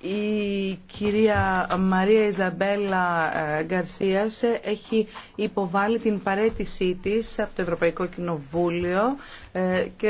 Η κυρία Μαρία Ιζαμπέλα ε, Γκαρσίας έχει υποβάλει την παρέτησή της από το Ευρωπαϊκό Κοινοβούλιο ε, και